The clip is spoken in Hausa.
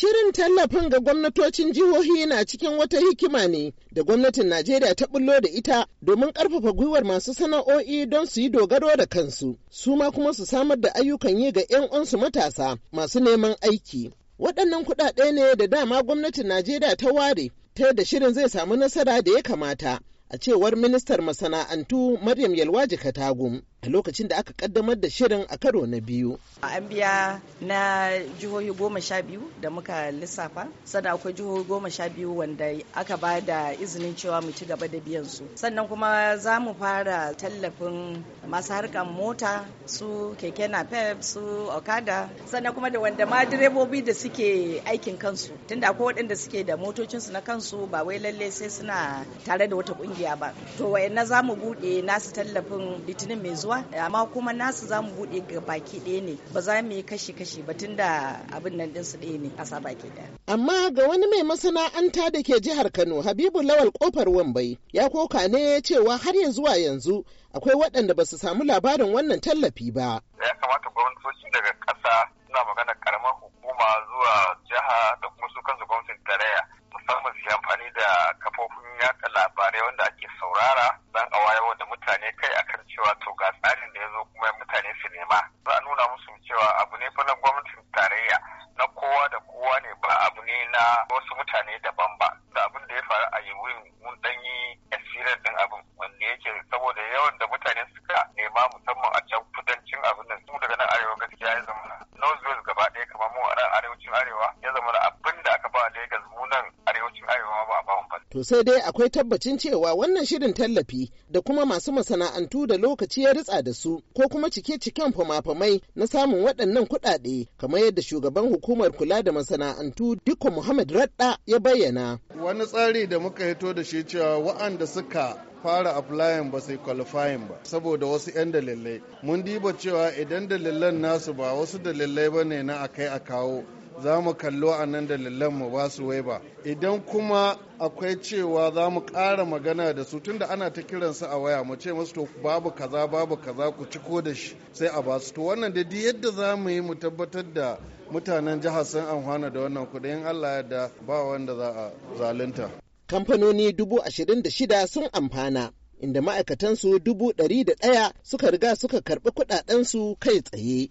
Shirin tallafin ga gwamnatocin jihohi na cikin wata hikima ne da gwamnatin Najeriya ta bullo da ita domin ƙarfafa gwiwar masu sana'o'i don su yi dogaro da kansu, su ma kuma su samar da ayyukan yi ga 'yan uwansu matasa masu neman aiki. Waɗannan kuɗaɗe ne da dama gwamnatin Najeriya ta ware ta yadda shirin zai samu nasara da ya kamata, a cewar ministar masana'antu Maryam Yalwaji Katagum. a lokacin da aka kaddamar da shirin a karo na biyu. An biya na jihohi goma sha biyu da muka lissafa, sannan akwai jihohi goma sha biyu wanda aka ba da izinin cewa mu ci gaba da biyan su. Sannan kuma za mu fara tallafin masu harkar mota su keke napep su okada sannan kuma da wanda ma direbobi da suke aikin kansu tunda akwai waɗanda suke da motocinsu na kansu ba wai lalle sai suna tare da wata ƙungiya ba to wayanna za mu buɗe nasu tallafin litinin mai zuwa kasuwa amma kuma nasu za mu buɗe ga baki ɗaya ne ba za mu yi kashi-kashi ba tunda abin nan ɗinsu ɗaya ne ƙasa baki ɗaya. Amma ga wani mai masana'anta da ke jihar Kano Habibu Lawal Kofar Wambai ya koka ne cewa har ya zuwa yanzu akwai waɗanda ba su samu labarin wannan tallafi ba. Ya kamata gwamnatoci daga ƙasa suna magana karamar hukuma zuwa jiha da kuma su kansu gwamnatin tarayya musamman su amfani da kafofin yaɗa labarai wanda ake saurara don a wayar da mutane kai a cewa to ga tsarin da ya zo kuma mutane su nema za a nuna musu cewa abu ne fa na gwamnatin tarayya na kowa da kowa ne ba abu ne na wasu mutane daban ba da abin da ya faru a yi wurin mun dan yi asirar din abin wanda yake saboda yawan da mutane suka nema musamman a can kudancin abin nan su daga nan arewa gaskiya ya zama north west gaba ɗaya kamar mu a arewacin arewa ya zama To sai dai akwai tabbacin cewa wannan shirin tallafi da kuma masu masana'antu da lokaci ya ritsa da su ko kuma cike-ciken fama-famai na samun waɗannan kuɗaɗe kamar yadda shugaban hukumar kula da masana'antu Dikko Muhammad Radda ya bayyana. Wani tsari da muka hito da shi cewa wa'anda suka fara aflayin ba sai kwalifayin ba saboda wasu 'yan dalilai mun diba cewa idan dalilan nasu ba wasu dalilai ba ne na akai a kawo za mu kallo a nan dalilan mu ba su waiba idan kuma akwai cewa za mu ƙara magana da su tunda ana ta kiransu a waya mu ce musu to babu kaza babu kaza ku ci ko da shi sai a ba su to wannan da yadda za mu yi mu tabbatar da mutanen jihar sun amfana da wannan kuɗi in Allah ya da ba wanda za a zalunta. Kamfanoni dubu ashirin da shida sun amfana inda ma'aikatansu dubu ɗari da ɗaya suka riga suka karɓi kuɗaɗensu kai tsaye.